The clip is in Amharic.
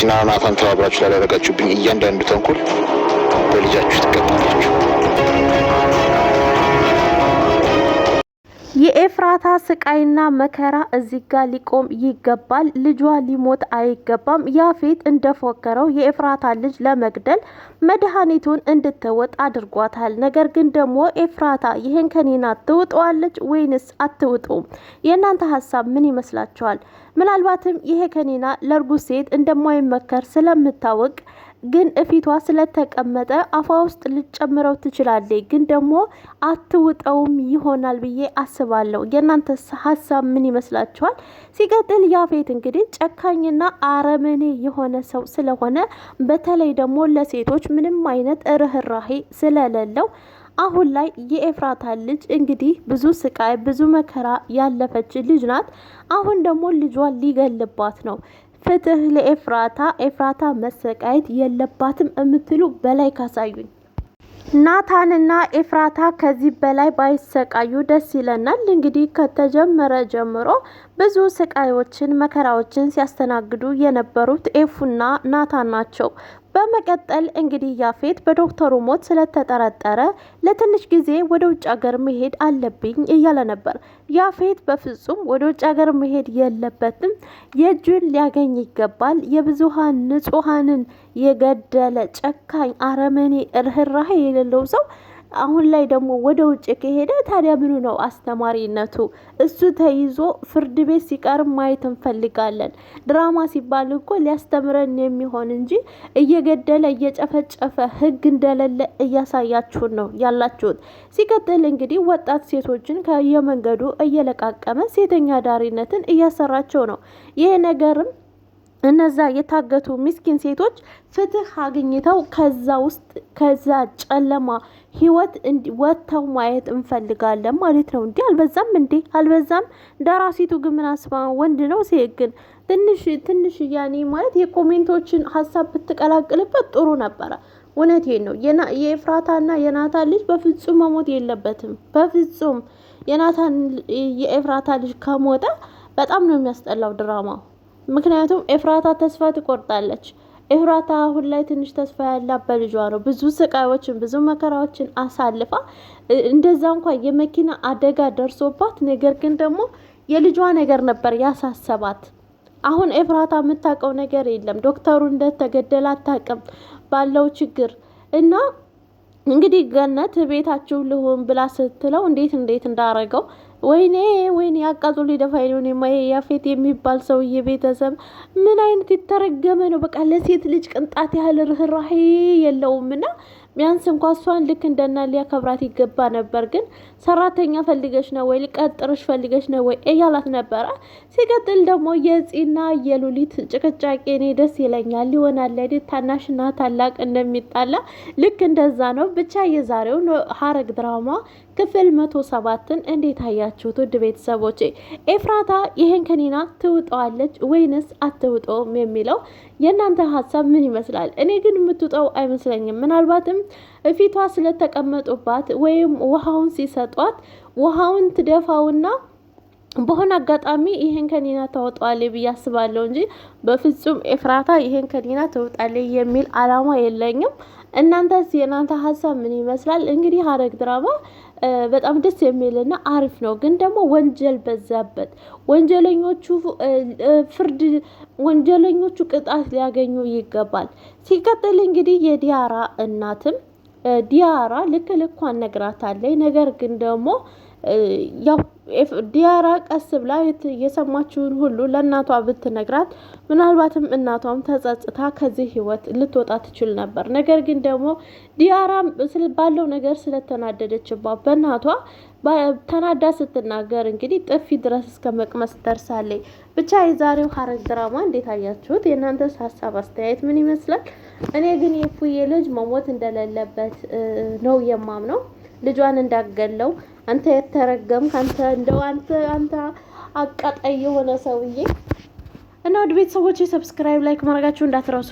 ሲናና አፋን ተባብራችሁ ላደረጋችሁብኝ እያንዳንዱ ተንኮል በልጃችሁ ትቀጣላችሁ። የኤፍራታ ስቃይና መከራ እዚህ ጋር ሊቆም ይገባል። ልጇ ሊሞት አይገባም። ያፌት እንደፎከረው የኤፍራታ ልጅ ለመግደል መድኃኒቱን እንድትወጥ አድርጓታል። ነገር ግን ደግሞ ኤፍራታ ይህን ከኔና ትውጠዋለች ወይንስ አትውጡም? የእናንተ ሀሳብ ምን ይመስላችኋል? ምናልባትም ይሄ ከኔና ለእርጉዝ ሴት እንደማይመከር ስለምታወቅ ግን እፊቷ ስለተቀመጠ አፏ ውስጥ ልጨምረው ትችላለች። ግን ደግሞ አትውጠውም ይሆናል ብዬ አስባለሁ። የእናንተ ሀሳብ ምን ይመስላችኋል? ሲቀጥል ያፌት እንግዲህ ጨካኝና አረመኔ የሆነ ሰው ስለሆነ በተለይ ደግሞ ለሴቶች ምንም አይነት ርህራሄ ስለሌለው አሁን ላይ የኤፍራታ ልጅ እንግዲህ ብዙ ስቃይ ብዙ መከራ ያለፈች ልጅ ናት። አሁን ደግሞ ልጇን ሊገልባት ነው። ፍትህ ለኤፍራታ ኤፍራታ መሰቃየት የለባትም የምትሉ በላይ ካሳዩኝ። ናታንና ኤፍራታ ከዚህ በላይ ባይሰቃዩ ደስ ይለናል። እንግዲህ ከተጀመረ ጀምሮ ብዙ ስቃዮችን መከራዎችን ሲያስተናግዱ የነበሩት ኤፉና ናታን ናቸው። በመቀጠል እንግዲህ ያፌት በዶክተሩ ሞት ስለተጠረጠረ ለትንሽ ጊዜ ወደ ውጭ ሀገር መሄድ አለብኝ እያለ ነበር። ያፌት በፍጹም ወደ ውጭ ሀገር መሄድ የለበትም፣ የእጁን ሊያገኝ ይገባል። የብዙሀን ንጹሀንን የገደለ ጨካኝ አረመኔ ርህራሄ የሌለው ሰው አሁን ላይ ደግሞ ወደ ውጭ ከሄደ ታዲያ ምኑ ነው አስተማሪነቱ? እሱ ተይዞ ፍርድ ቤት ሲቀርብ ማየት እንፈልጋለን። ድራማ ሲባል እኮ ሊያስተምረን የሚሆን እንጂ እየገደለ እየጨፈጨፈ ህግ እንደሌለ እያሳያችሁን ነው ያላችሁት። ሲቀጥል እንግዲህ ወጣት ሴቶችን ከየመንገዱ እየለቃቀመ ሴተኛ ዳሪነትን እያሰራቸው ነው። ይሄ ነገርም እነዛ የታገቱ ምስኪን ሴቶች ፍትህ አግኝተው ከዛ ውስጥ ከዛ ጨለማ ህይወት ወጥተው ማየት እንፈልጋለን ማለት ነው። እንዲህ አልበዛም? እንዴ አልበዛም? ደራሲቱ ግን ምን አስባ ወንድ ነው ሴት ግን ትንሽ ትንሽ ያኔ ማለት የኮሜንቶችን ሀሳብ ብትቀላቅልበት ጥሩ ነበረ። እውነቴን ነው። የኤፍራታና የናታን ልጅ በፍጹም መሞት የለበትም። በፍጹም የናታን የኤፍራታ ልጅ ከሞተ በጣም ነው የሚያስጠላው ድራማ ምክንያቱም ኤፍራታ ተስፋ ትቆርጣለች። ኤፍራታ አሁን ላይ ትንሽ ተስፋ ያላት በልጇ ነው። ብዙ ስቃዮችን ብዙ መከራዎችን አሳልፋ እንደዛ እንኳን የመኪና አደጋ ደርሶባት፣ ነገር ግን ደግሞ የልጇ ነገር ነበር ያሳሰባት። አሁን ኤፍራታ የምታውቀው ነገር የለም። ዶክተሩ እንደተገደለ አታውቅም ባለው ችግር እና እንግዲህ ገነት ቤታችሁ ልሁን ብላ ስትለው እንዴት እንዴት እንዳረገው ወይኔ ወይኔ አቃጡ ሊደፋ ነው። እኔማ ያፌት የሚባል ሰውዬ ቤተሰብ ምን አይነት የተረገመ ነው። በቃ ለሴት ልጅ ቅንጣት ያህል ርኅራሄ የለውምና ቢያንስ እንኳ እሷን ልክ እንደና ሊያከብራት ይገባ ነበር። ግን ሰራተኛ ፈልገሽ ነው ወይ ሊቀጥርሽ ፈልገሽ ነው ወይ እያላት ነበረ። ሲቀጥል ደግሞ የፂና የሉሊት ጭቅጫቄ እኔ ደስ ይለኛል ይሆናል ታናሽና ታላቅ እንደሚጣላ ልክ እንደዛ ነው። ብቻ የዛሬው ሀረግ ድራማ ክፍል መቶ ሰባትን እንዴት አያችሁት ውድ ቤተሰቦች ኤፍራታ ይሄን ከኒና ትውጠዋለች ወይንስ አትውጠውም የሚለው የእናንተ ሀሳብ ምን ይመስላል? እኔ ግን የምትውጠው አይመስለኝም ምናልባትም እፊቷ ስለተቀመጡባት ወይም ውሃውን ሲሰጧት ውሃውን ትደፋውና በሆነ አጋጣሚ ይሄን ከኒና ታወጣዋል ብዬ አስባለሁ እንጂ በፍጹም ኤፍራታ ይሄን ከኒና ትወጣለ የሚል አላማ የለኝም። እናንተስ የእናንተ ሀሳብ ምን ይመስላል? እንግዲህ ሐረግ ድራማ በጣም ደስ የሚልና አሪፍ ነው። ግን ደግሞ ወንጀል በዛበት። ወንጀለኞቹ ፍርድ ወንጀለኞቹ ቅጣት ሊያገኙ ይገባል። ሲቀጥል እንግዲህ የዲያራ እናትም ዲያራ ልክ ልኳን ነግራታለች። ነገር ግን ደግሞ ያው ዲያራ ቀስ ብላ የሰማችውን ሁሉ ለእናቷ ብትነግራት ምናልባትም እናቷም ተጸጽታ ከዚህ ህይወት ልትወጣ ትችል ነበር። ነገር ግን ደግሞ ዲያራ ባለው ነገር ስለተናደደችባት በእናቷ ተናዳ ስትናገር እንግዲህ ጥፊ ድረስ እስከ መቅመስ ደርሳለች። ብቻ የዛሬው ሀረግ ድራማ እንዴት አያችሁት? የእናንተስ ሀሳብ አስተያየት ምን ይመስላል? እኔ ግን የፉዬ ልጅ መሞት እንደሌለበት ነው የማምነው። ልጇን እንዳገለው አንተ የተረገምክ አንተ እንደው አንተ አንተ አቃጣይ የሆነ ሰውዬ እና ወደ ቤተሰቦች ሰብስክራይብ ላይክ ማድረጋችሁ እንዳትረሱ።